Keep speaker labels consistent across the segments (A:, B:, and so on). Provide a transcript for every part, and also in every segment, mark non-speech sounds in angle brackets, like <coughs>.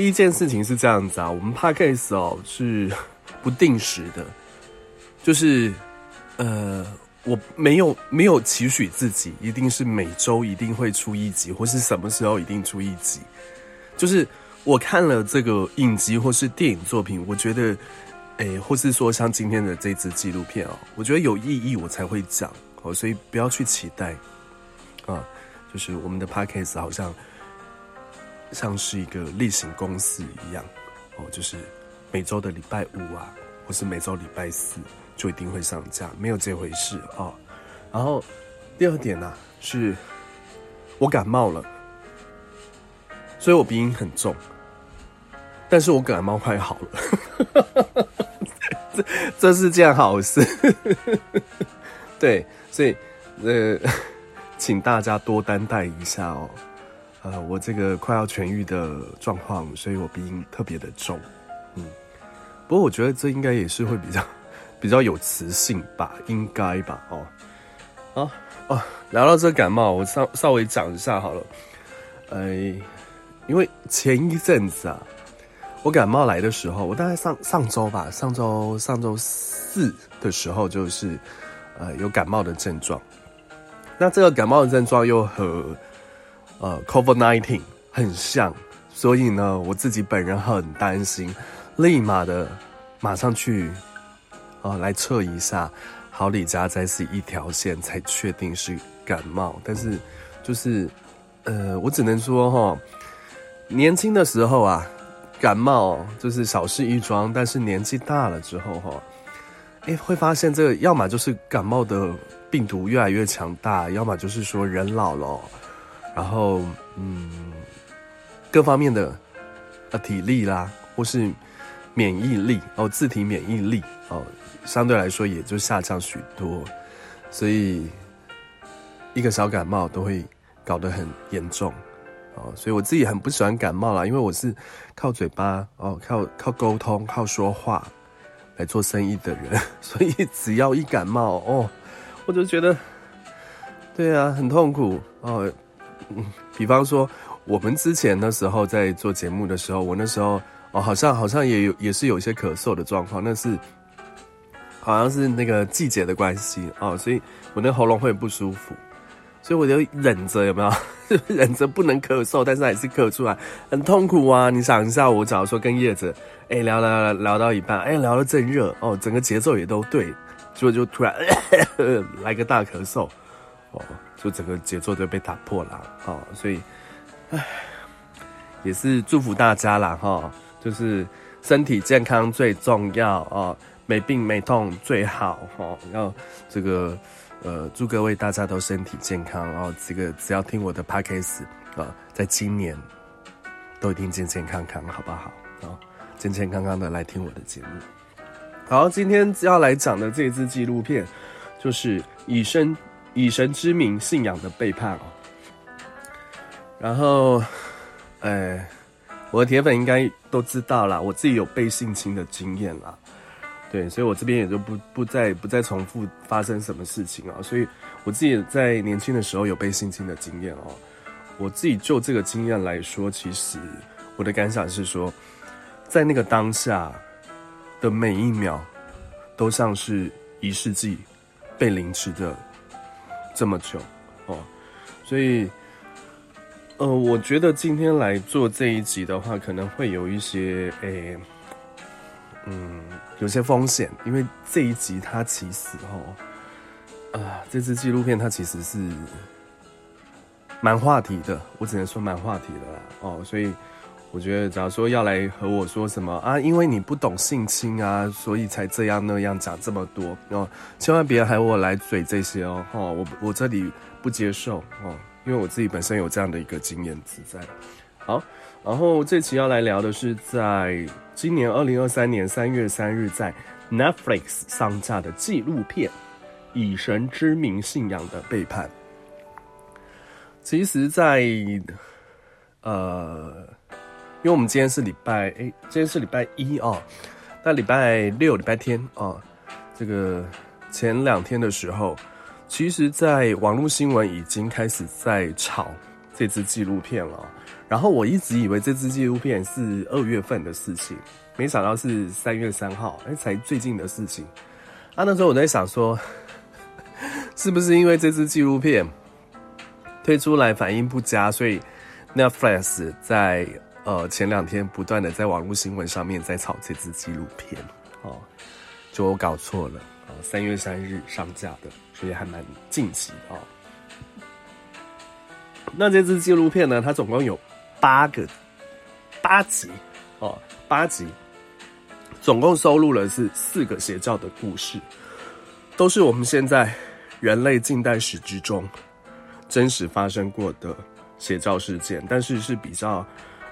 A: 第一件事情是這樣子啊，我們 Podcast 哦，是不定時的，就是呃我沒有沒有期許自己一定是每周一定會出一集，或是什麼時候一定出一集，就是我看了這個影集或是電影作品，我覺得誒、欸，或是說像今天的這支紀錄片哦，我覺得有意義，我才會講哦，所以不要去期待啊，就是我們的 Podcast 好像。像是一個例行公事一樣，哦，就是每周的禮拜五啊，或是每周禮拜四就一定會上架，沒有這回事啊、哦。然後第二點呢、啊，是我感冒了，所以我鼻音很重，但是我感冒快好了，這 <laughs> 這是件好事，對，所以呃，請大家多擔待一下哦。呃，我這個快要痊癒的狀況，所以我鼻音特別的重，嗯，不過我覺得這應該也是會比較比較有磁性吧，應該吧，哦，好哦，聊到這個感冒，我稍稍微講一下好了，哎、呃，因為前一陣子啊，我感冒來的時候，我大概上上周吧，上周上周四的時候，就是呃有感冒的症狀，那這個感冒的症狀又和呃，Covid nineteen 很像，所以呢，我自己本人很擔心，立馬的馬上去啊、呃、來測一下，好李家再是一條線才確定是感冒。但是就是呃，我只能說哈、哦，年輕的時候啊，感冒就是小事一樁，但是年紀大了之後哈、哦，誒，會發現這個要麼就是感冒的病毒越來越強大，要麼就是說人老了、哦。然後，嗯，各方面的，呃，體力啦，或是免疫力哦，自體免疫力哦，相對來說也就下降許多，所以一個小感冒都會搞得很嚴重，哦，所以我自己很不喜歡感冒啦，因為我是靠嘴巴哦，靠靠溝通靠說話來做生意的人，所以只要一感冒哦，我就覺得，對啊，很痛苦哦。嗯，比方說我們之前的時候在做節目的時候，我那時候哦，好像好像也有也是有一些咳嗽的狀況，那是好像是那個季節的關係哦，所以我那喉嚨會不舒服，所以我就忍着，有沒有？ <laughs> 忍着不能咳嗽，但是還是咳出來，很痛苦啊！你想一下我，我假如說跟葉子誒聊聊聊到一半，誒聊的正熱哦，整個節奏也都對，就就突然 <coughs> 來個大咳嗽。哦，就整個節奏就被打破了，好、哦，所以，唉，也是祝福大家啦哈、哦，就是身體健康最重要啊、哦，沒病沒痛最好哈，然後、哦、這個呃，祝各位大家都身體健康哦，這個只要聽我的 Podcast 啊、呃，在今年都一定健健康康，好不好啊、哦？健健康康的來聽我的節目。好，今天要來講的這支紀錄片就是以神。以神之名，信仰的背叛哦。然後，呃、哎，我的鐵粉應該都知道了，我自己有被性侵的經驗啦，對，所以我這邊也就不不再不再重複發生什麼事情啊。所以我自己在年輕的時候有被性侵的經驗哦。我自己就這個經驗來說，其實我的感想是說，在那個當下的每一秒，都像是一世紀被凌遲的。這麼久，哦，所以，呃，我覺得今天來做這一集的話，可能會有一些，誒、欸，嗯，有些風險，因為這一集它其實哦，啊、呃，這支紀錄片它其實是蠻話題的，我只能說蠻話題的啦，哦，所以。我覺得，假如說要來和我說什麼啊，因為你不懂性侵啊，所以才這樣那樣講這麼多哦，千萬別喊我來嘴這些哦，哈，我我這裡不接受哦，因為我自己本身有這樣的一個經驗存在。好，然後這期要來聊的是，在今年二零二三年三月三日在 Netflix 上架的紀錄片《以神之名信仰的背叛》。其實在，在呃。因為我們今天是禮拜誒、欸，今天是禮拜一啊、哦。那禮拜六、禮拜天啊、哦，這個前兩天的時候，其實在網絡新聞已經開始在炒這支紀錄片了。然後我一直以為這支紀錄片是二月份的事情，沒想到是三月三號，誒、欸，才最近的事情。啊，那時候我在想說，是不是因為這支紀錄片推出來反應不佳，所以 Netflix 在。呃，前兩天不斷的在網絡新聞上面在炒這支紀錄片，哦，就我搞錯了，啊、哦，三月三日上架的，所以還蠻近期哦。那這支紀錄片呢，它總共有八個、八集，哦，八集，總共收錄了是四個邪教的故事，都是我們現在人類近代史之中真實發生過的邪教事件，但是是比較，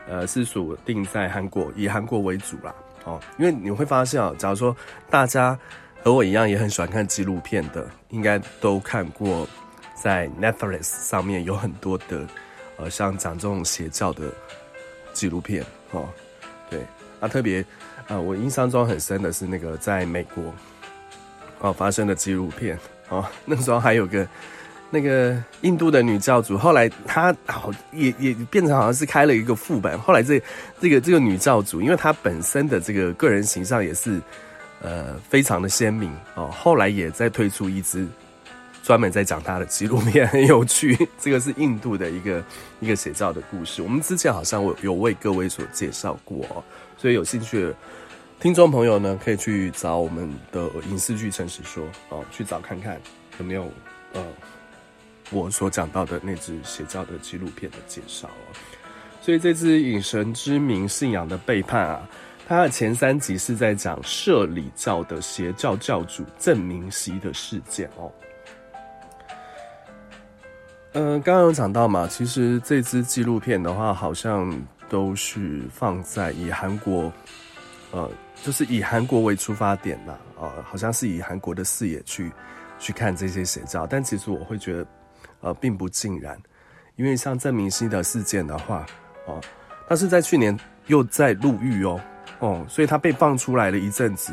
A: 呃，是鎖定在韓國，以韓國為主啦，哦，因為你會發現啊、喔，假如說大家和我一樣也很喜歡看紀錄片的，應該都看過，在 Netflix 上面有很多的，呃，像講這種邪教的紀錄片，哦，對，啊特，特別啊，我印象中很深的是那個在美國，哦發生的紀錄片，哦，那個時候還有個。那個印度的女教主，後來她好也也變成好像是開了一個副版。後來這個、這個這個女教主，因為她本身的這個個人形象也是呃非常的鮮明哦。後來也在推出一支專門在講她的紀錄片，很有趣。這個是印度的一個一個寫照的故事，我們之前好像我有，有為各位所介紹過哦。所以有興趣的聽眾朋友呢，可以去找我們的影視劇《誠實說》哦，去找看看有沒有呃。我所講到的那支邪教的紀錄片的介紹哦，所以這支《以神之名：信仰的背叛》啊，它的前三集是在講攝理教的邪教教主鄭明析的事件哦。呃，剛剛有講到嘛，其實這支紀錄片的話，好像都是放在以韓國，呃，就是以韓國為出發點吧，呃，好像是以韓國的視野去去看這些邪教，但其實我會覺得。呃，並不盡然，因為像鄭明析的事件的話，哦，他是在去年又在入獄哦，哦、嗯，所以他被放出來了一陣子，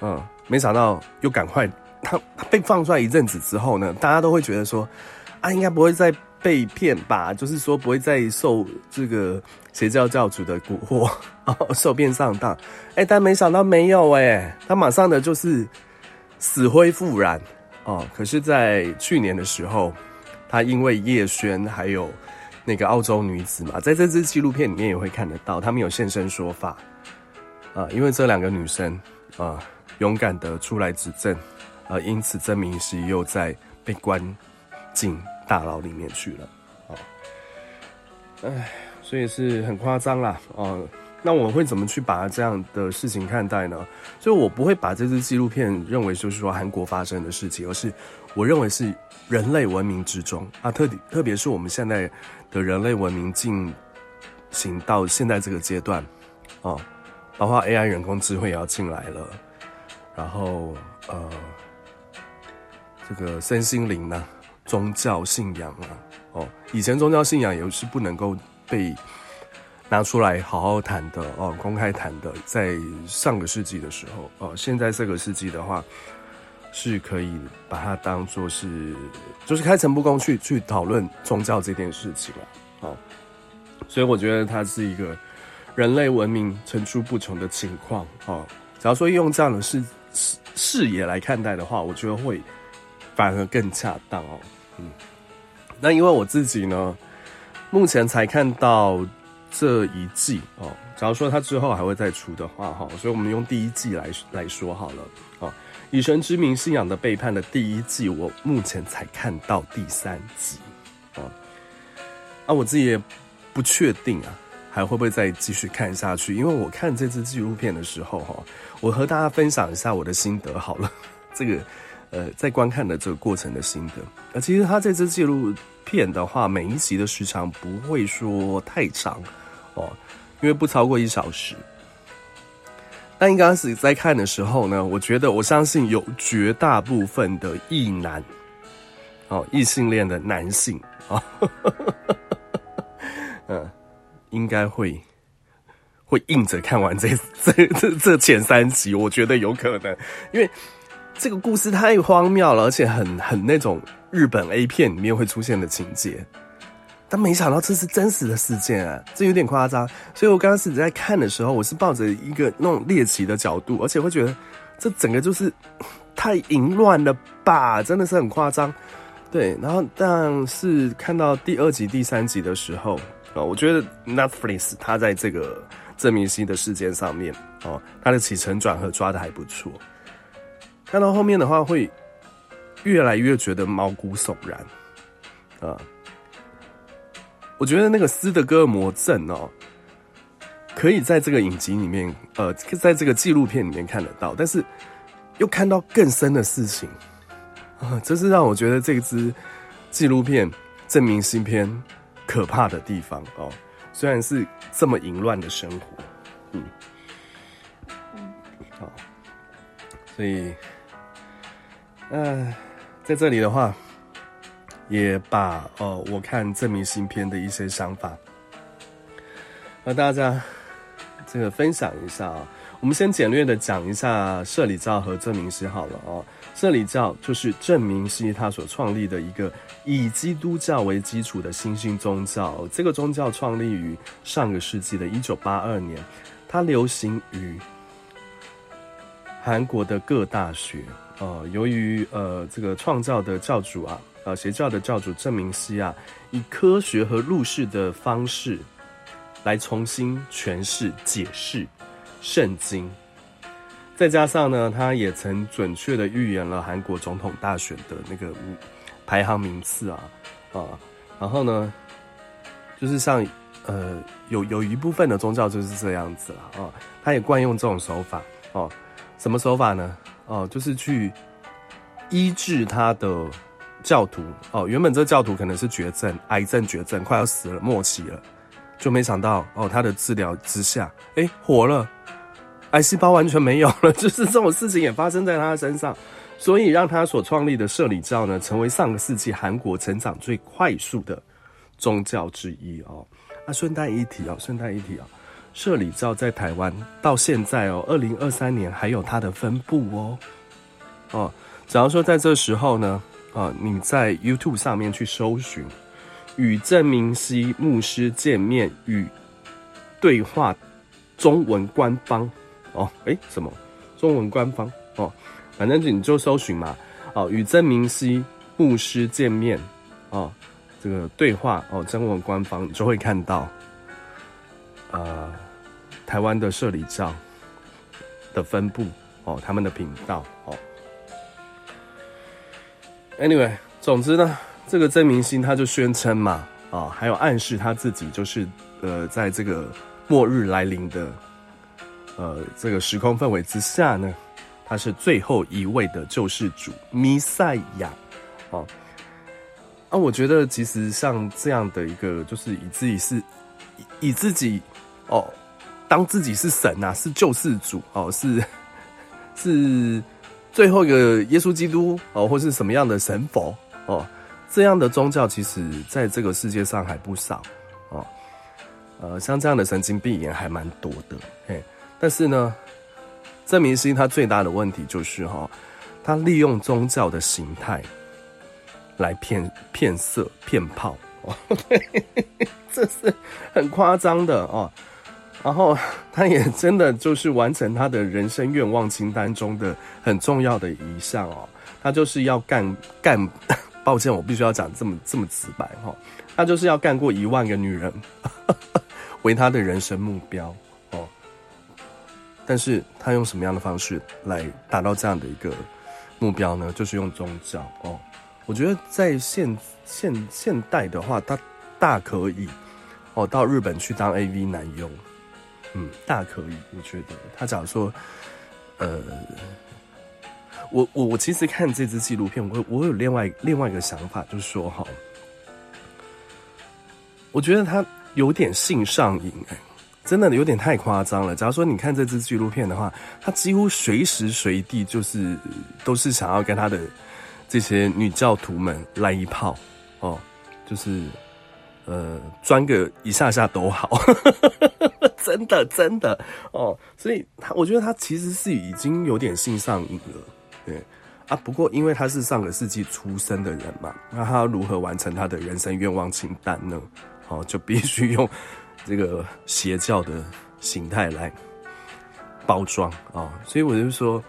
A: 嗯，沒想到又趕快他，他被放出來一陣子之後呢，大家都會覺得說，啊，應該不會再被騙吧？就是說不會再受這個邪教教主的蠱惑，哦，受騙上當，哎、欸，但沒想到沒有哎、欸，他馬上的就是死灰復燃，哦，可是，在去年的時候。他因為葉萱還有那個澳洲女子嘛，在這支紀錄片裡面也會看得到，他們有現身說法，啊，因為這兩個女生啊勇敢的出來指證，啊，因此鄭明析又在被關進大牢裡面去了，啊，哎，所以是很誇張啦，啊，那我會怎麼去把這樣的事情看待呢？就我不會把這支紀錄片認為就是說韓國發生的事情，而是我認為是。人類文明之中啊，特特別是我們現在的人類文明進行到現在這個階段，啊、哦，包括 AI 人工智慧也要進來了，然後呃，這個身心靈呢、啊，宗教信仰啊，哦，以前宗教信仰也是不能夠被拿出來好好談的哦，公開談的，在上個世紀的時候哦，現在這個世紀的話。是可以把它當做是，就是開誠布公去去討論宗教這件事情了，啊，好，啊，所以我覺得它是一個人類文明層出不窮的情況，好，啊，假如說用這樣的視視視野來看待的話，我覺得會反而更恰當哦，嗯，那因為我自己呢，目前才看到這一季哦，假如說它之後還會再出的話哈，啊，所以我們用第一季來來說好了，啊。《以神之名：信仰的背叛》的第一季，我目前才看到第三集，啊、哦，啊，我自己也不確定啊，還會不會再繼續看下去？因為我看這支紀錄片的時候，哈、哦，我和大家分享一下我的心得好了。這個，呃，在觀看的這個過程的心得。啊，其實他這支紀錄片的話，每一集的時長不會說太長，哦，因為不超過一小時。那你剛剛在看的時候呢？我覺得，我相信有絕大部分的異男，哦，異性戀的男性，哦， <laughs> 嗯，應該會會硬着看完這這這這前三集，我覺得有可能，因為這個故事太荒謬了，而且很很那種日本 A 片裡面會出現的情節。但沒想到這是真實的事件，啊，這有點誇張。所以我剛剛是在看的時候，我是抱着一個那種獵奇的角度，而且會覺得這整個就是太淫亂了吧，真的是很誇張。對，然後但是看到第二集、第三集的時候啊，我覺得 Netflix 它在這個鄭明析的事件上面，哦，它的起承轉合抓得還不錯。看到後面的話，會越來越覺得毛骨悚然，啊。我覺得那個斯德哥爾摩症哦，可以在這個影集裡面，呃，在這個紀錄片裡面看得到，但是又看到更深的事情啊，這、呃、是讓我覺得這支紀錄片證明新片可怕的地方哦。雖然是這麼淫亂的生活，嗯，好、嗯嗯，所以，哎、呃，在這裡的話。也把哦，我看鄭明析篇的一些想法和大家這個分享一下啊、哦。我們先簡略的講一下攝理教和鄭明析好了啊、哦。攝理教就是鄭明析他所創立的一個以基督教為基礎的新興宗教，這個宗教創立於上個世紀的一九八二年，它流行於韓國的各大學。呃，由於呃這個創教的教主啊。邪教的教主鄭明析啊，以科學和入世的方式，來重新詮釋解釋聖經，再加上呢，他也曾準確的預言了韓國總統大選的那個排行名次啊，啊，然後呢，就是像呃，有有一部分的宗教就是這樣子了啊，啊，他也慣用這種手法啊，什麼手法呢？哦、啊，就是去醫治他的。教徒哦，原本這個教徒可能是絕症，癌症絕症，快要死了末期了，就沒想到哦，他的治療之下，哎，活了，癌細胞完全沒有了，就是這種事情也發生在他身上，所以讓他所創立的攝理教呢，成為上個世紀韓國成長最快速的宗教之一哦。啊，順帶一提哦，順帶一提啊、哦，攝理教在台灣到現在哦，二零二三年還有它的分布哦。哦，假如說在這時候呢。啊、哦，你在 YouTube 上面去搜尋“與鄭明析牧師見面與對話中、哦”中文官方哦，哎，什麼中文官方哦？反正你就搜尋嘛，哦，與鄭明析牧師見面哦，這個對話哦，中文官方，你就會看到，呃、台灣的攝理教的分部哦，他們的頻道哦。Anyway，總之呢，這個鄭明析他就宣稱嘛，啊、哦，還有暗示他自己就是，呃，在這個末日來臨的，呃，這個時空氛圍之下呢，他是最後一位的救世主彌賽亞，哦，啊，我覺得其實像這樣的一個，就是以自己是以，以自己，哦，當自己是神啊，是救世主哦，是，是。最後一個耶穌基督哦，或是什麼樣的神佛哦，這樣的宗教其實在這個世界上還不少哦，呃，像這樣的神經病也還蠻多的嘿。但是呢，鄭明析他最大的問題就是哈、哦，他利用宗教的形態來騙騙色騙炮哦呵呵呵，這是很誇張的哦。然後，他也真的就是完成他的人生願望清單中的很重要的一項哦。他就是要幹干，抱歉，我必須要講這麼這麼直白哈、哦。他就是要幹過一萬個女人，呵呵呵，為他的人生目標哦。但是他用什麼樣的方式來達到這樣的一個目標呢？就是用宗教哦。我覺得在現現現代的話，他大可以哦到日本去當 AV 男優。嗯，大可以，我覺得他假如說，呃，我我我其實看這支紀錄片，我會我會有另外另外一個想法，就是說哈、哦，我覺得他有點性上癮，哎，真的有點太誇張了。假如說你看這支紀錄片的話，他幾乎隨時隨地就是都是想要跟他的這些女教徒們來一炮，哦，就是。呃，鑽個一下下都好， <laughs> 真的真的哦，所以他我覺得他其實是已經有點性上癮了，對啊。不過因為他是上個世紀出生的人嘛，那他如何完成他的人生願望清單呢？哦，就必須用這個邪教的形態來包裝啊、哦。所以我就說，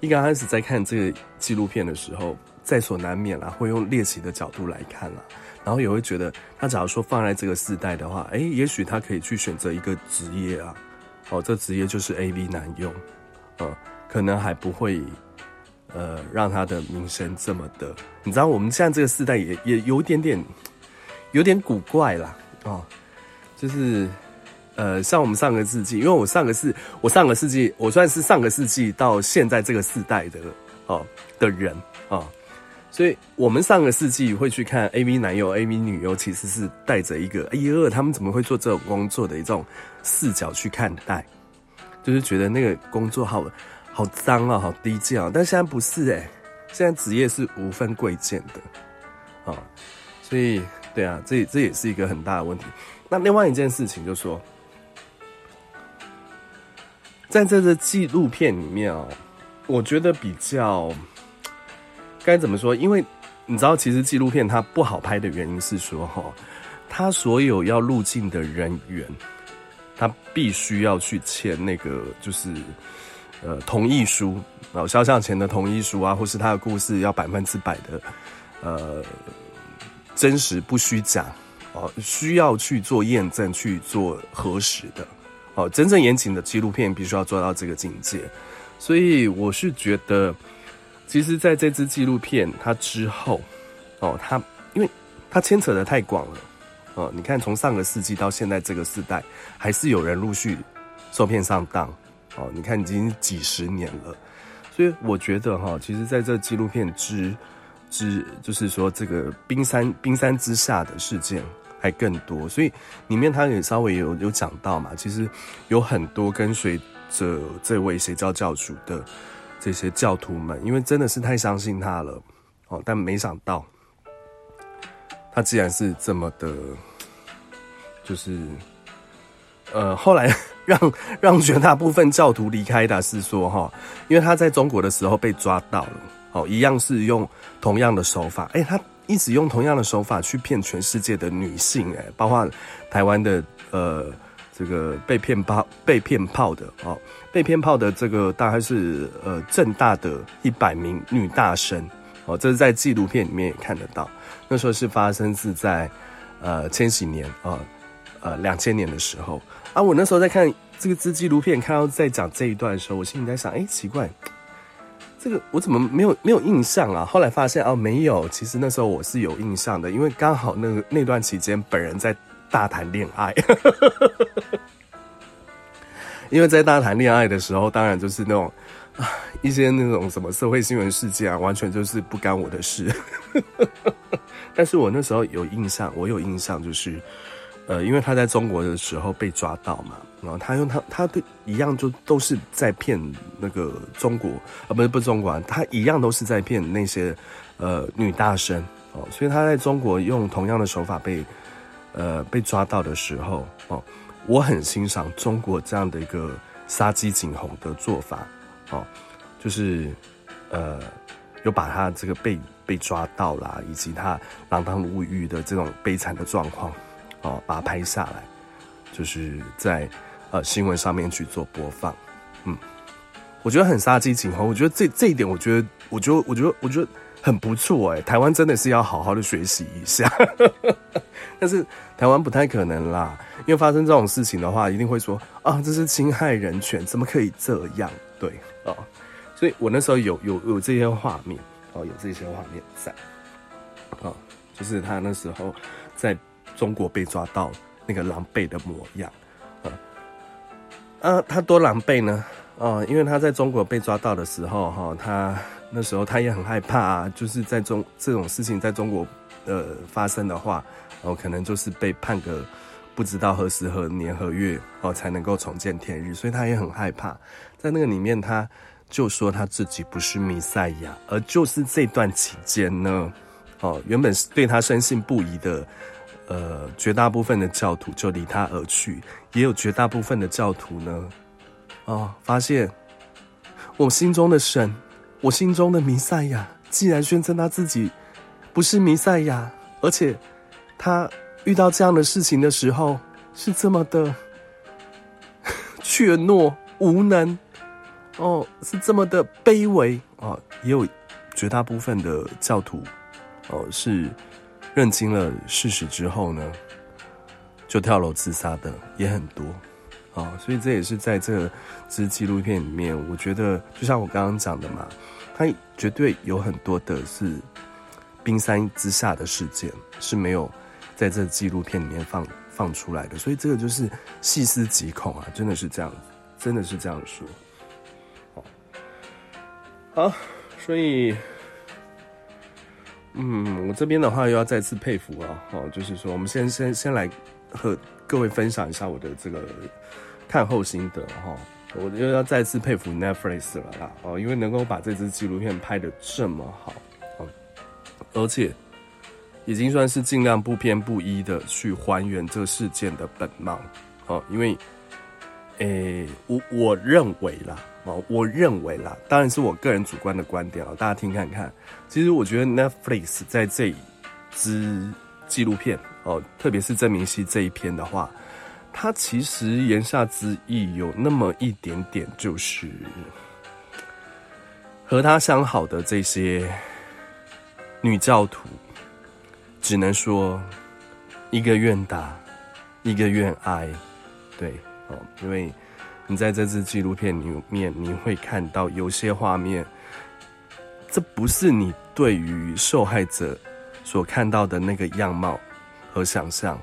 A: 一剛開始在看這個紀錄片的時候。在所難免啦，會用獵奇的角度來看啦，然後也會覺得，他假如說放在這個世代的話，誒，也許他可以去選擇一個職業啊，哦，這職業就是 AV 男傭，呃、嗯，可能還不會，呃，讓他的名聲這麼的。你知道，我們現在這個世代也也有點點，有點古怪啦，哦、嗯，就是，呃，像我們上個世紀，因為我上個世，我上個世紀，我算是上個世紀到現在這個世代的哦、嗯、的人啊。嗯所以我們上個世紀會去看 AV 男優、AV 女優，其實是帶着一個“哎呀，他們怎麼會做這種工作”的一種視角去看待，就是覺得那個工作好好髒啊、哦，好低賤啊、哦。但現在不是哎，現在職業是無分貴賤的啊、哦。所以，對啊，這這也是一個很大的問題。那另外一件事情就說，在這個紀錄片裡面哦，我覺得比較。該怎麼說？因為你知道，其實紀錄片它不好拍的原因是說、哦，哈，它所有要入鏡的人員，他必須要去簽那個就是呃同意書然後、哦、肖像權的同意書啊，或是他的故事要百分之百的呃真實不虛假哦，需要去做驗證、去做核實的哦，真正嚴謹的紀錄片必須要做到這個境界，所以我是覺得。其實，在這支紀錄片它之後，哦，它因為它牽扯得太廣了，啊、哦，你看從上個世紀到現在這個時代，還是有人陸續受騙上當，哦，你看已經幾十年了，所以我覺得哈、哦，其實在這紀錄片之之，就是說這個冰山冰山之下的事件還更多，所以裡面它也稍微有有講到嘛，其實有很多跟隨着這位邪教教主的。這些教徒們，因為真的是太相信他了，哦，但沒想到，他既然是這麼的，就是，呃，後來讓讓絕大部分教徒離開的是說，哈，因為他在中國的時候被抓到了，哦，一樣是用同樣的手法，哎、欸，他一直用同樣的手法去騙全世界的女性，哎，包括台灣的，呃，這個被騙包、被騙砲的，哦、呃。被騙炮的這個大概是呃政大的一百名女大生哦，這是在紀錄片裡面也看得到。那時候是發生是在呃千禧年啊，呃呃兩千年的時候啊。我那時候在看這個支紀錄片，看到在講這一段的時候，我心裡在想，哎、欸，奇怪，這個我怎麼沒有沒有印象啊？後來發現哦，沒有，其實那時候我是有印象的，因為剛好那那段期間本人在大談戀愛。 <laughs> 因為在大家談戀愛的時候，當然就是那種，一些那種什麼社會新聞事件啊，完全就是不干我的事。 <laughs> 但是我那時候有印象，我有印象就是，呃，因為他在中國的時候被抓到嘛，然後他用他他一樣就都是在騙那個中國呃，不是不中國啊，他一樣都是在騙那些呃女大生哦，所以他在中國用同樣的手法被呃被抓到的時候哦。我很欣賞中國這樣的一個殺雞儆猴的做法，哦，就是，呃，有把他這個被被抓到啦，以及他鋃鐺入獄的這種悲慘的狀況，哦，把它拍下來，就是在呃新聞上面去做播放，嗯，我覺得很殺雞儆猴，我覺得這這一點我，我覺得，我覺得，我覺得，我覺得。很不錯誒、欸，台灣真的是要好好的學習一下， <laughs> 但是台灣不太可能啦，因為發生這種事情的話，一定會說啊，這是侵害人權，怎麼可以這樣？對哦，所以我那時候有有有這些畫面哦，有這些畫面在，啊、哦，就是他那時候在中國被抓到那個狼狽的模樣，哦、啊，呃，他多狼狽呢？哦，因為他在中國被抓到的時候，哈、哦，他。那時候他也很害怕啊，就是在中這種事情在中國，呃，發生的話，哦，可能就是被判個不知道何時何年何月哦才能夠重見天日，所以他也很害怕。在那個裡面，他就說他自己不是彌賽亞，而就是這段期間呢，哦，原本是對他深信不疑的，呃，絕大部分的教徒就離他而去，也有絕大部分的教徒呢，哦，發現我心中的神。我心中的彌賽亞，既然宣稱他自己不是彌賽亞，而且他遇到這樣的事情的時候是這麼的怯懦無能，哦，是這麼的卑微哦。也有絕大部分的教徒，哦，是認清了事實之後呢，就跳樓自殺的也很多哦。所以這也是在這支紀錄片裡面，我覺得就像我剛剛講的嘛。它絕對有很多的是冰山之下的事件是沒有在這紀錄片裡面放放出來的，所以這個就是細思極恐啊，真的是這樣，真的是這樣說。好，好，所以，嗯，我這邊的話又要再次佩服了哦，就是說，我們先先先來和各位分享一下我的這個看後心得哈。我又要再次佩服 Netflix 了啦！哦，因為能夠把這支紀錄片拍得這麼好，哦，而且已經算是盡量不偏不倚的去還原這事件的本貌，哦，因為，誒、欸，我我認為啦，哦，我認為啦，當然是我個人主觀的觀點啊、哦，大家聽看看。其實我覺得 Netflix 在這一支紀錄片，哦，特別是鄭明析這一篇的話。他其實言下之意有那麼一點點，就是和他相好的這些女教徒，只能說一個願打，一個願挨。對哦，因為你在這次紀錄片裡面，你會看到有些畫面，這不是你對於受害者所看到的那個樣貌和想象。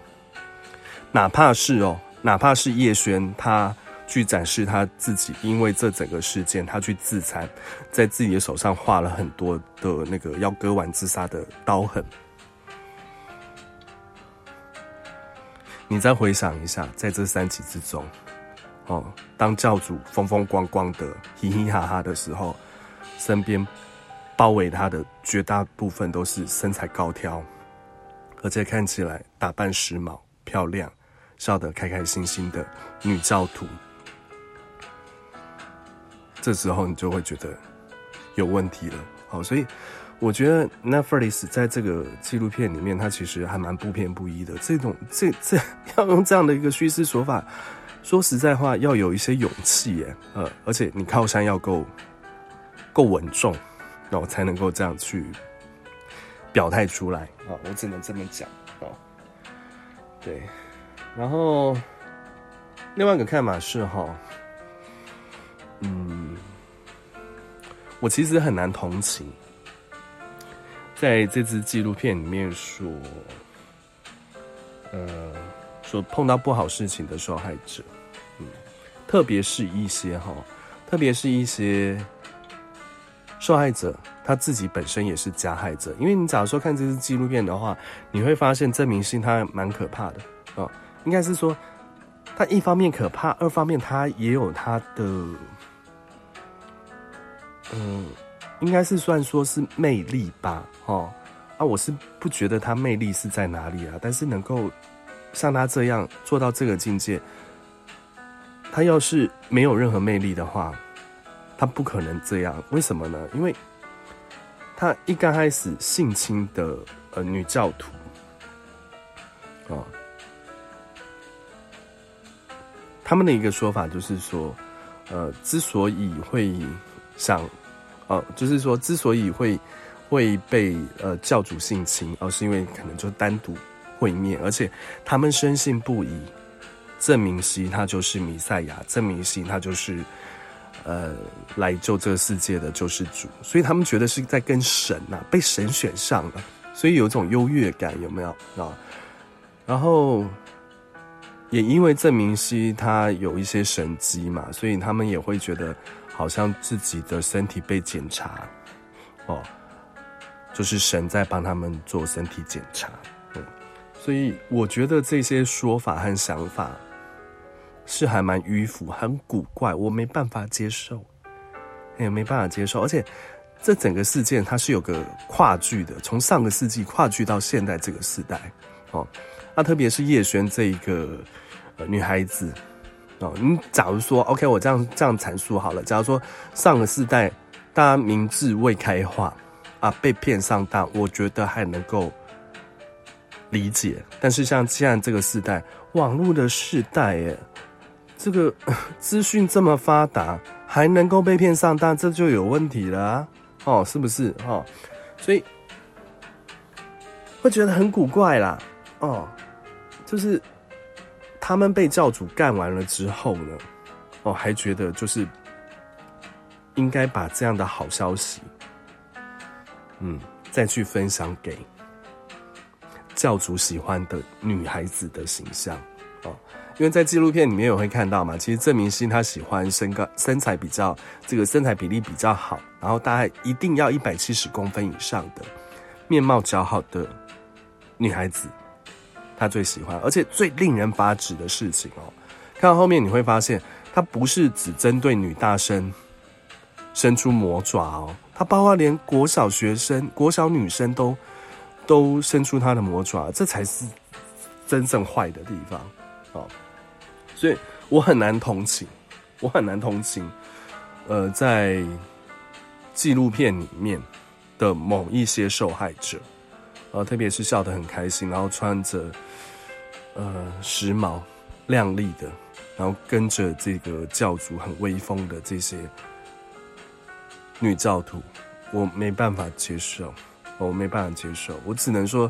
A: 哪怕是哦，哪怕是葉璇，他去展示他自己，因為這整個事件，他去自殘，在自己的手上畫了很多的那個要割腕自殺的刀痕。你再回想一下，在這三集之中，哦，當教主風風光光的嘻嘻哈哈的時候，身邊包圍他的絕大部分都是身材高挑，而且看起來打扮時髦，漂亮。笑得開開心心的女教徒，這時候你就會覺得有問題了哦。所以我覺得 Netflix 在這個紀錄片裡面，他其實還蠻不偏不倚的。這種這這要用這樣的一個敘事手法，說實在話，要有一些勇氣耶，呃，而且你靠山要夠夠穩重，然後才能夠這樣去表態出來啊、哦。我只能這麼講啊，哦、對。然後，另外一個看法是哈，嗯，我其實很難同情，在這支紀錄片裡面說，呃，說碰到不好事情的受害者，嗯，特別是一些哈，特別是一些受害者他自己本身也是加害者，因為你假如說看這支紀錄片的話，你會發現鄭明析他蠻可怕的啊。哦應該是說，他一方面可怕，二方面他也有他的，嗯，應該是算說是魅力吧，哦，啊，我是不覺得他魅力是在哪裡啊，但是能夠像他這樣做到這個境界，他要是沒有任何魅力的話，他不可能這樣。為什麼呢？因為，他一剛開始性侵的呃女教徒，啊、哦。他們的一個說法就是說，呃，之所以會想，呃，就是說，之所以會會被呃教主性侵，而、呃、是因為可能就單獨會面，而且他們深信不疑，鄭明析他就是彌賽亞，鄭明析他就是呃來救這個世界的救世主，所以他們覺得是在跟神吶、啊，被神選上了，所以有一種優越感，有沒有啊？然後。也因為鄭明析他有一些神跡嘛，所以他們也會覺得好像自己的身體被檢查，哦，就是神在幫他們做身體檢查。嗯，所以我覺得這些說法和想法是還蠻迂腐、很古怪，我沒辦法接受，也沒辦法接受。而且這整個事件它是有個跨距的，從上個世紀跨距到現在這個時代，哦，那、啊、特別是葉璇這一個。女孩子，哦，你假如說，OK，我這樣這樣闡述好了。假如說上個世代，大家民智未開化啊，被騙上當，我覺得還能夠理解。但是像現在這個時代，網絡的世代，哎，這個資訊這麼發達，還能夠被騙上當，這就有問題了，啊。哦，是不是？哦？所以會覺得很古怪啦，哦，就是。他們被教主幹完了之後呢，哦，還覺得就是應該把這樣的好消息，嗯，再去分享給教主喜歡的女孩子的形象哦，因為在紀錄片裡面有會看到嘛。其實鄭明析他喜歡身高、身材比較這個身材比例比較好，然後大概一定要一百七十公分以上的面貌姣好的女孩子。他最喜歡，而且最令人發指的事情哦。看到後面你會發現，他不是只針對女大生伸出魔爪哦，他包括連國小學生、國小女生都都伸出他的魔爪，這才是真正壞的地方哦。所以我很難同情，我很難同情。呃，在紀錄片裡面的某一些受害者，呃，特別是笑得很開心，然後穿着。呃，時髦、靚麗的，然後跟着這個教主很威風的這些女教徒，我沒辦法接受，我沒辦法接受，我只能說，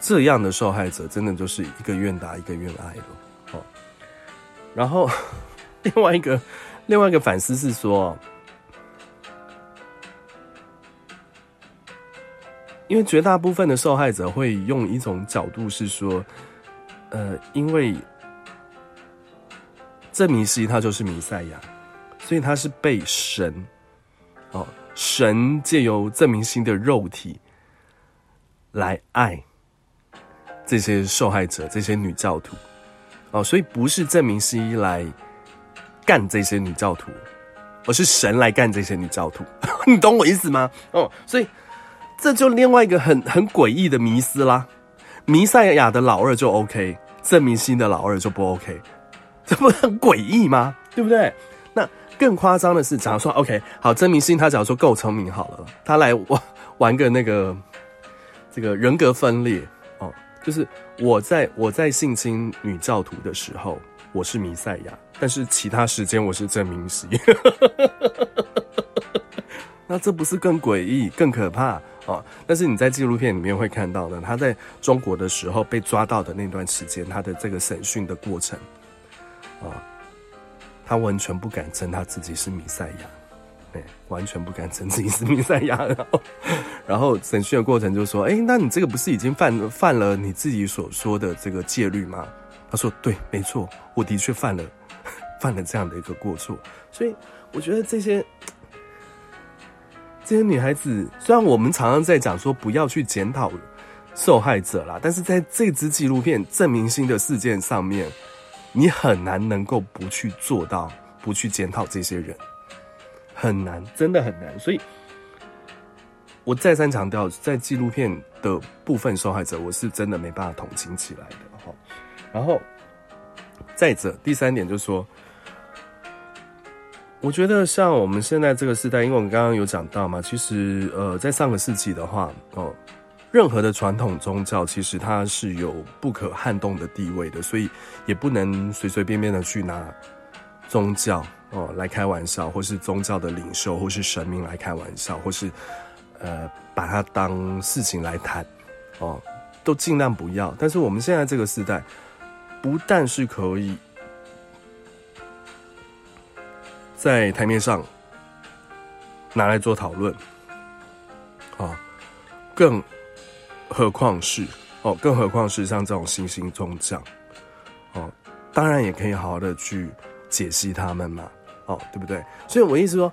A: 這樣的受害者真的就是一個願打一個願挨了。好、哦，然後另外一個另外一個反思是說。因為絕大部分的受害者會用一種角度是說，呃，因為鄭明析他就是彌賽亞，所以他是被神哦，神借由鄭明析的肉體來愛這些受害者，這些女教徒哦，所以不是鄭明析來幹這些女教徒，而是神來幹這些女教徒， <laughs> 你懂我意思嗎？哦，所以。這就另外一個很很詭異的迷思啦，彌賽亞的老二就 OK，鄭明析的老二就不 OK，這不是很詭異嗎？對不對？那更誇張的是，假如說 OK，好，鄭明析他假如說夠聰明好了，他來玩玩個那個這個人格分裂哦，就是我在我在性侵女教徒的時候我是彌賽亞，但是其他時間我是鄭明析。 <laughs> 那這不是更詭異、更可怕啊，哦？但是你在紀錄片裡面會看到呢，他在中國的時候被抓到的那段時間，他的這個審訊的過程，啊、哦，他完全不敢稱他自己是彌賽亞，哎、欸，完全不敢稱自己是彌賽亞。然後，然後審訊的過程就說：“誒、欸，那你這個不是已經犯犯了你自己所說的這個戒律嗎？”他說：“對，沒錯，我的確犯了，犯了這樣的一個過錯。”所以，我覺得這些。這些女孩子，雖然我們常常在講說不要去檢討受害者啦，但是在這支紀錄片鄭明析的事件上面，你很難能夠不去做到，不去檢討這些人，很難，真的很難。所以，我再三強調，在紀錄片的部分受害者，我是真的沒辦法同情起來的哈。然後，再者第三點就是說。我覺得像我們現在這個時代，因為我們剛剛有講到嘛，其實呃，在上個世紀的話，哦，任何的傳統宗教其實它是有不可撼動的地位的，所以也不能隨隨便便的去拿宗教哦來開玩笑，或是宗教的領袖，或是神明來開玩笑，或是呃把它當事情來談，哦，都盡量不要。但是我們現在這個時代，不但是可以。在台面上拿來做討論，啊，更何況是哦，更何況是像這種新興宗教，哦，當然也可以好好的去解析他們嘛，哦，對不對？所以，我意思說，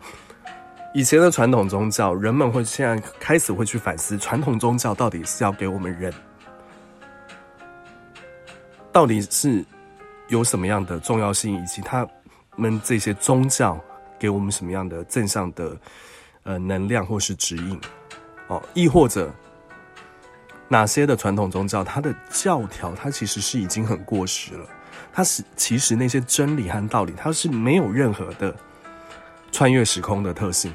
A: 以前的傳統宗教，人們會現在開始會去反思，傳統宗教到底是要給我們人，到底是有什麼樣的重要性，以及它。們這些宗教給我們什麼樣的正向的呃能量或是指引哦，亦或者哪些的傳統宗教，它的教條，它其實是已經很過時了，它是其實那些真理和道理它是沒有任何的穿越時空的特性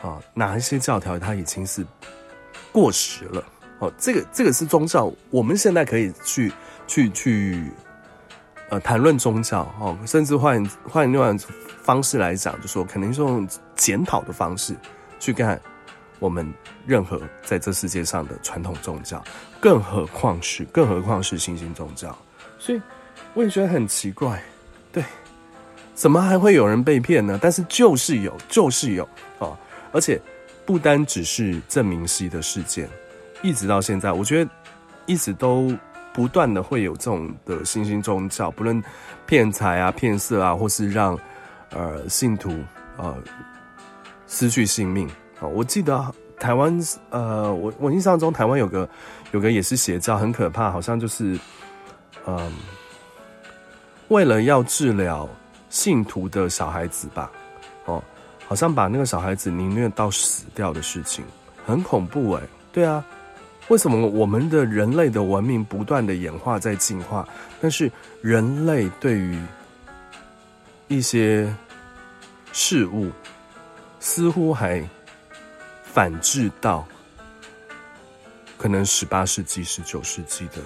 A: 啊，哦，哪一些教條它已經是過時了哦，這個這個是宗教，我們現在可以去去去。去呃，談論宗教哦，甚至換換另外方式來講，就說肯定是用檢討的方式去看我們任何在這世界上的傳統宗教，更何況是更何況是新興宗教，所以我也覺得很奇怪，對，怎麼還會有人被騙呢？但是就是有，就是有啊、哦，而且不單只是鄭明析的事件，一直到現在，我覺得一直都。不斷的會有這種的新興宗教，不論騙財啊、騙色啊，或是讓呃信徒呃失去性命啊、哦。我記得台灣呃，我我印象中台灣有個有個也是邪教，很可怕，好像就是嗯、呃，為了要治療信徒的小孩子吧，哦，好像把那個小孩子凌虐到死掉的事情，很恐怖哎、欸，對啊。為什麼我們的人類的文明不斷的演化在進化，但是人類對於一些事物似乎還反制到可能十八世紀、十九世紀的，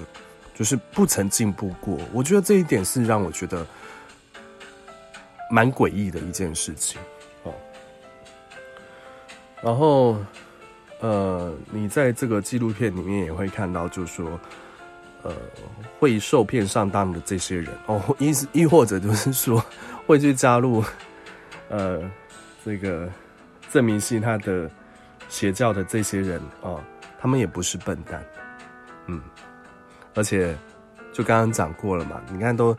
A: 就是不曾進步過。我覺得這一點是讓我覺得蠻詭異的一件事情啊。然後。呃，你在這個紀錄片裡面也會看到，就是說，呃，會受騙上當的這些人哦，亦亦或者就是說，會去加入，呃，這個鄭明析他的邪教的這些人啊、哦，他們也不是笨蛋，嗯，而且就剛剛講過了嘛，你看都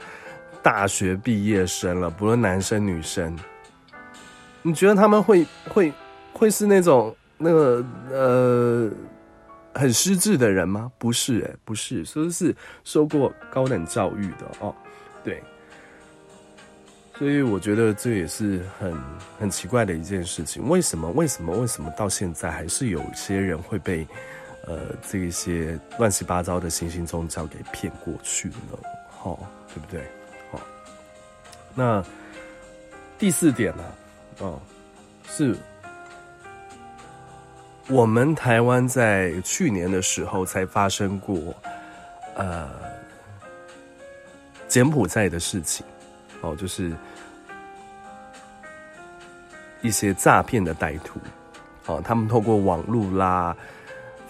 A: 大學畢業生了，不論男生女生，你覺得他們會會會是那種？那個呃，很失智的人嗎？不是、欸，誒，不是，說是受過高等教育的哦，對。所以我覺得這也是很很奇怪的一件事情。為什麼？為什麼？為什麼到現在還是有一些人會被呃這一些亂七八糟的新興宗教給騙過去呢？哦，對不對？哦，那第四點呢、啊？哦，是。我們台灣在去年的時候才發生過，呃，柬埔寨的事情哦，就是一些詐騙的歹徒哦，他們透過網絡啦、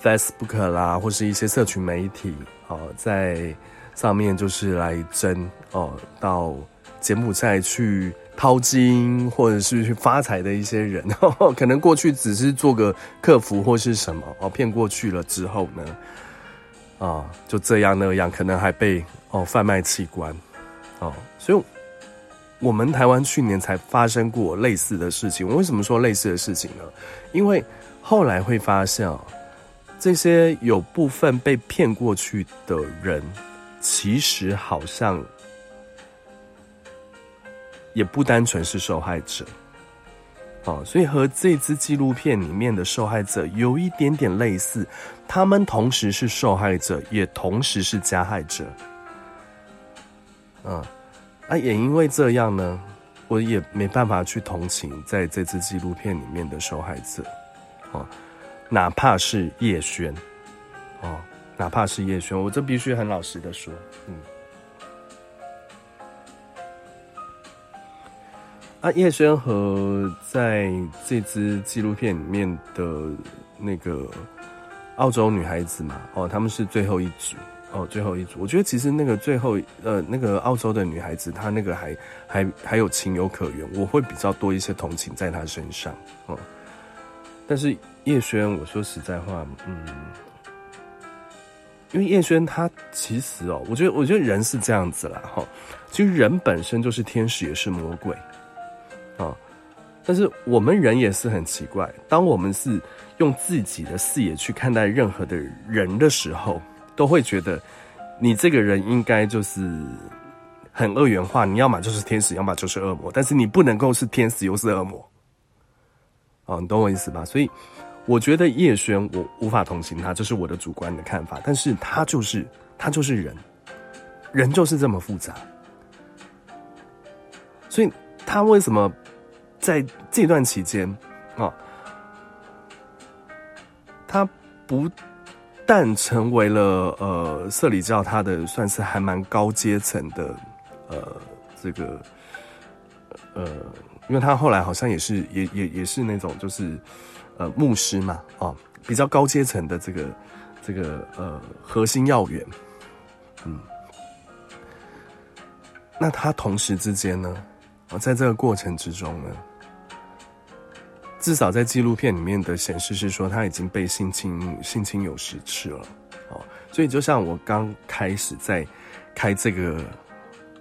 A: Facebook 啦，或是一些社群媒體哦，在上面就是來徵哦，到柬埔寨去。淘金或者是去發財的一些人，可能過去只是做個客服或是什麼哦，騙過去了之後呢，啊，就這樣那樣，可能還被哦販賣器官哦，所以我們台灣去年才發生過類似的事情。我為什麼說類似的事情呢？因為後來會發現哦，這些有部分被騙過去的人，其實好像。也不單純是受害者，哦，所以和這支紀錄片裡面的受害者有一點點類似，他們同時是受害者，也同時是加害者，嗯、哦，那、啊、也因為這樣呢，我也沒辦法去同情在這支紀錄片裡面的受害者，哦，哪怕是葉璇，哦，哪怕是葉璇，我這必須很老實的說，嗯。啊，葉軒和在這支紀錄片裡面的那個澳洲女孩子嘛，哦，他們是最後一組哦，最後一組。我覺得其實那個最後，呃，那個澳洲的女孩子，她那個還還還有情有可原，我會比較多一些同情在她身上哦。但是葉軒，我說實在話，嗯，因為葉軒她其實哦，我覺得我覺得人是這樣子啦，哈，其實人本身就是天使也是魔鬼。啊、哦！但是我們人也是很奇怪，當我們是用自己的視野去看待任何的人的時候，都會覺得你這個人應該就是很二元化，你要麼就是天使，要麼就是惡魔。但是你不能夠是天使又是惡魔。哦，你懂我意思吧？所以我覺得葉軒我無法同情他，這、就是我的主觀的看法。但是他就是他就是人，人就是這麼複雜。所以他為什麼？在這段期間，啊、哦，他不但成為了呃，攝理教他的算是還蠻高階層的，呃，這個，呃，因為他後來好像也是，也也也是那種，就是呃，牧師嘛，哦，比較高階層的這個這個呃，核心要員，嗯，那他同時之間呢？哦，在這個過程之中呢，至少在紀錄片裡面的顯示是說，他已經被性侵、性侵有十次了。哦，所以就像我剛開始在開這個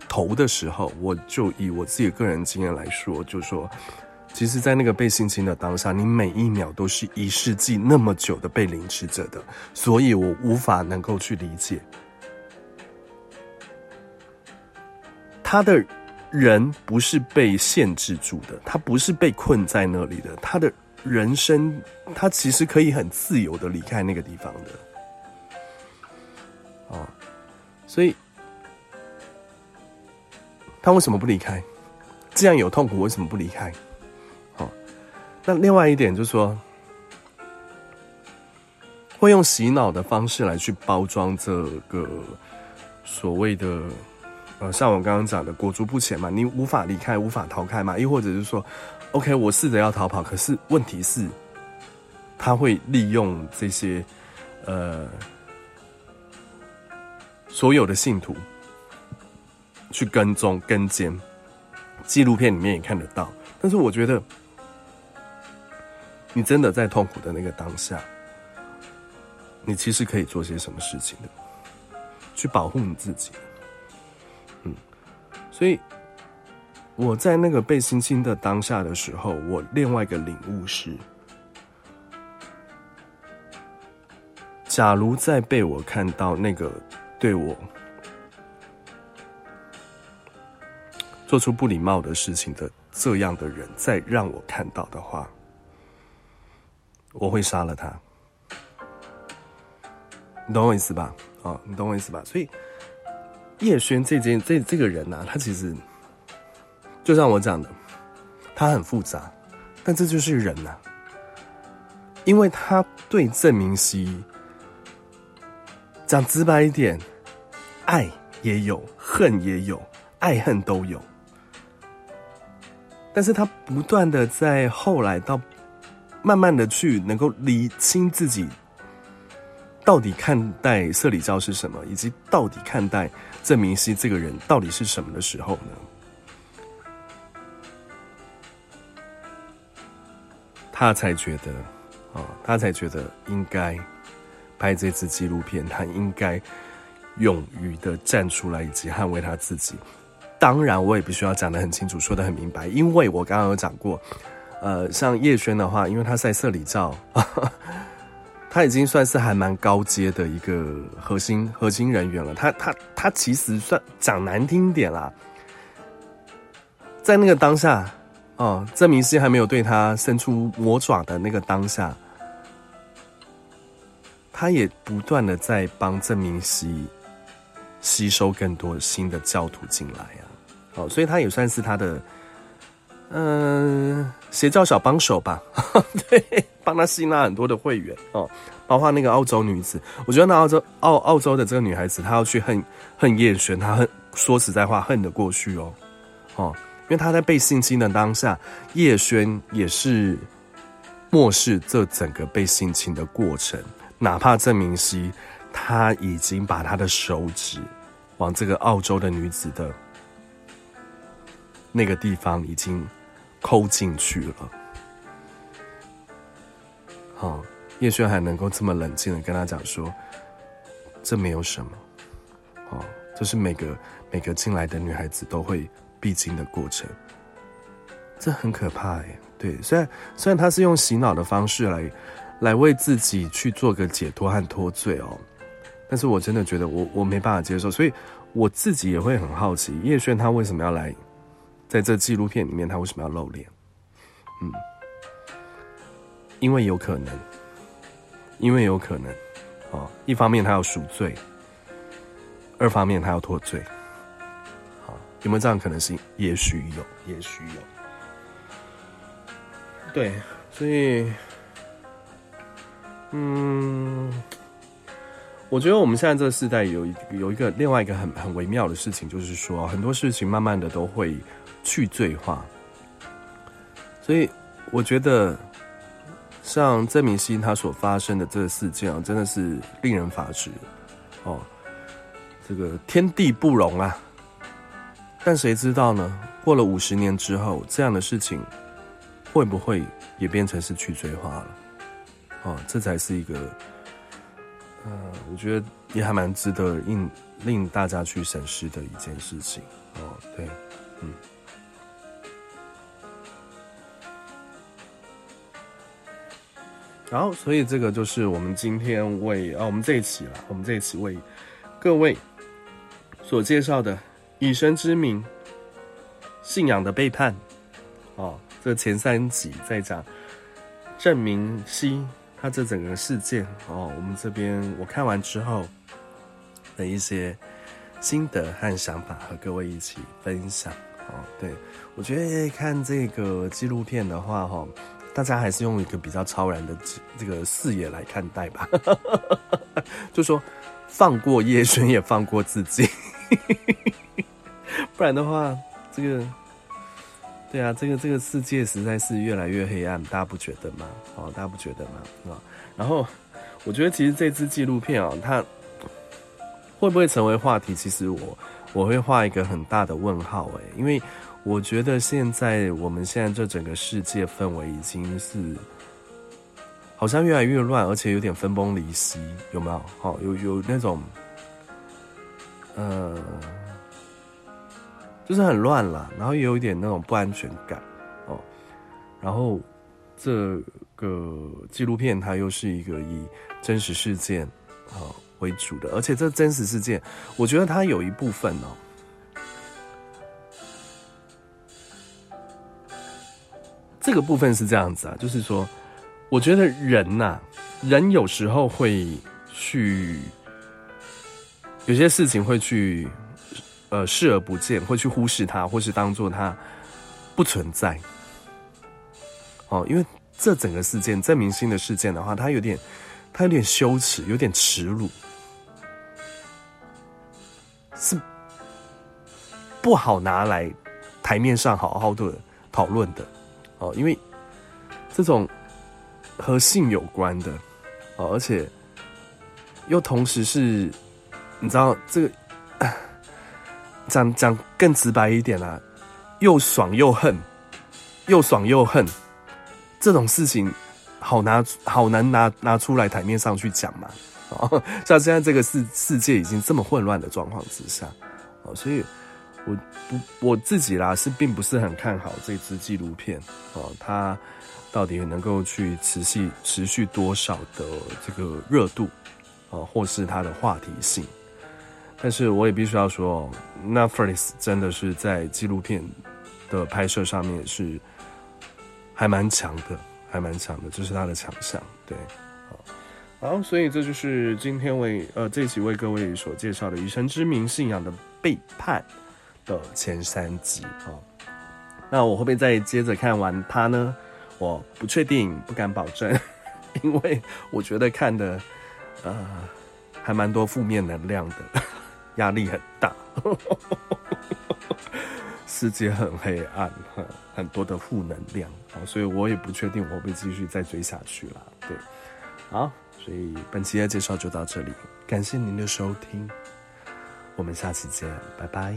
A: 頭的時候，我就以我自己個人經驗來說，就說，其實，在那個被性侵的當下，你每一秒都是一世紀那麼久的被凌遲着的，所以我無法能夠去理解他的。人不是被限制住的，他不是被困在那裡的，他的人生，他其實可以很自由的離開那個地方的。哦，所以他為什麼不離開？既然有痛苦，為什麼不離開？哦，那另外一點就是說，會用洗腦的方式來去包裝這個所謂的。呃，像我剛剛講的，裹足不前嘛，你無法離開，無法逃開嘛。又或者是說，OK，我試着要逃跑，可是問題是，他會利用這些呃所有的信徒去跟蹤、跟監。紀錄片裡面也看得到，但是我覺得，你真的在痛苦的那個當下，你其實可以做些什麼事情的，去保護你自己。所以，我在那個被性侵的當下的時候，我另外一個領悟是：假如再被我看到那個對我做出不禮貌的事情的這樣的人再讓我看到的話，我會殺了他。你懂我意思吧？啊，你懂我意思吧？所以。葉軒這件這這個人啊，他其實就像我講的，他很複雜，但這就是人吶、啊。因為他對鄭明析講直白一點，愛也有，恨也有，愛恨都有。但是他不斷的在後來到慢慢的去能夠理清自己到底看待攝理教是什麼，以及到底看待。證明是這個人到底是什麼的時候呢？他才覺得啊、哦，他才覺得應該拍這支紀錄片，他應該勇於地站出來，以及捍衛他自己。當然，我也必須要講得很清楚，說得很明白，因為我剛剛有講過，呃，像葉軒的話，因為他在色里照。 <laughs> 他已經算是還蠻高階的一個核心核心人員了。他他他其實算講難聽點啦，在那個當下，哦，鄭明析還沒有對他伸出魔爪的那個當下，他也不斷的在幫鄭明析吸收更多新的教徒進來啊。哦，所以他也算是他的嗯、呃、邪教小幫手吧？ <laughs> 對。幫他吸納很多的會員哦，包括那個澳洲女子，我覺得那澳洲澳澳洲的這個女孩子，她要去恨恨葉軒，她恨說實在話恨得過去哦，哦，因為她在被性侵的當下，葉軒也是漠視這整個被性侵的過程，哪怕鄭明析他已經把他的手指往這個澳洲的女子的，那個地方已經摳進去了。好，葉炫、哦、還能夠這麼冷靜的跟他講說，這沒有什麼，哦，這，就是每個每個進來的女孩子都會必經的過程，這很可怕哎。對，雖然雖然他是用洗腦的方式來，來為自己去做個解脫和脫罪哦，但是我真的覺得我我沒辦法接受，所以我自己也會很好奇，葉炫他為什麼要來，在這紀錄片裡面他為什麼要露臉？嗯。因為有可能，因為有可能，哦，一方面他要贖罪，二方面他要脫罪，好、哦，有沒有這樣可能性？也許有，也許有。對，所以，嗯，我覺得我們現在這個世代有有一個另外一個很很微妙的事情，就是說很多事情慢慢的都會去罪化，所以我覺得。像鄭明析他所發生的這個事件啊，真的是令人髮指哦，這個天地不容啊！但誰知道呢？過了五十年之後，這樣的事情會不會也變成是去追化了？哦，這才是一個，嗯、呃，我覺得也還蠻值得令令大家去審視的一件事情哦。對，嗯。好，所以這個就是我們今天為啊、哦，我們這一期了，我們這一期為各位所介紹的《以神之名》信仰的背叛。哦，這前三集在講鄭明析他這整個事件。哦，我們這邊我看完之後的一些心得和想法，和各位一起分享。哦，對我覺得看這個紀錄片的話，哈、哦。大家還是用一個比較超然的這個視野來看待吧， <laughs> 就說放過葉璇，也放過自己， <laughs> 不然的話，這個，對啊，這個這個世界實在是越來越黑暗，大家不覺得嗎？哦，大家不覺得嗎？啊、哦，然後我覺得其實這支紀錄片啊、哦，它會不會成為話題？其實我我會畫一個很大的問號，誒，因為。我覺得現在我們現在這整個世界氛圍已經是，好像越來越亂，而且有點分崩離析，有沒有？好、哦，有有那種，呃，就是很亂啦，然後也有一點那種不安全感，哦。然後這個紀錄片它又是一個以真實事件啊、哦、為主的，而且這真實事件，我覺得它有一部分呢、哦。這個部分是這樣子啊，就是說，我覺得人吶、啊，人有時候會去，有些事情會去，呃，視而不見，會去忽視它，或是當作它不存在。哦，因為這整個事件，鄭明析的事件的話，它有點，它有點羞恥，有點恥辱，是不好拿來台面上好好的討論的。哦，因為這種和性有關的哦，而且又同時是，你知道這個講講更直白一點啊，又爽又恨，又爽又恨這種事情，好拿好難拿拿出來台面上去講嘛，哦，像現在這個世世界已經這麼混亂的狀況之下，哦，所以。我不，我自己啦是並不是很看好這支紀錄片啊、呃，它到底能夠去持續持續多少的這個熱度啊、呃，或是它的話題性。但是我也必須要說，Netflix 真的是在紀錄片的拍攝上面是還蠻強的，還蠻強的，這、就是他的強項。對、哦，好，所以這就是今天為呃這期為各位所介紹的《以神之名：信仰的背叛》。的前三集啊、哦，那我會不會再接着看完它呢？我不確定，不敢保證，因為我覺得看的呃，還蠻多負面能量的，壓力很大， <laughs> 世界很黑暗，很很多的負能量啊，所以我也不確定我會不會繼續再追下去了。對，好，所以本期的介紹就到這裡，感謝您的收聽，我們下期見，拜拜。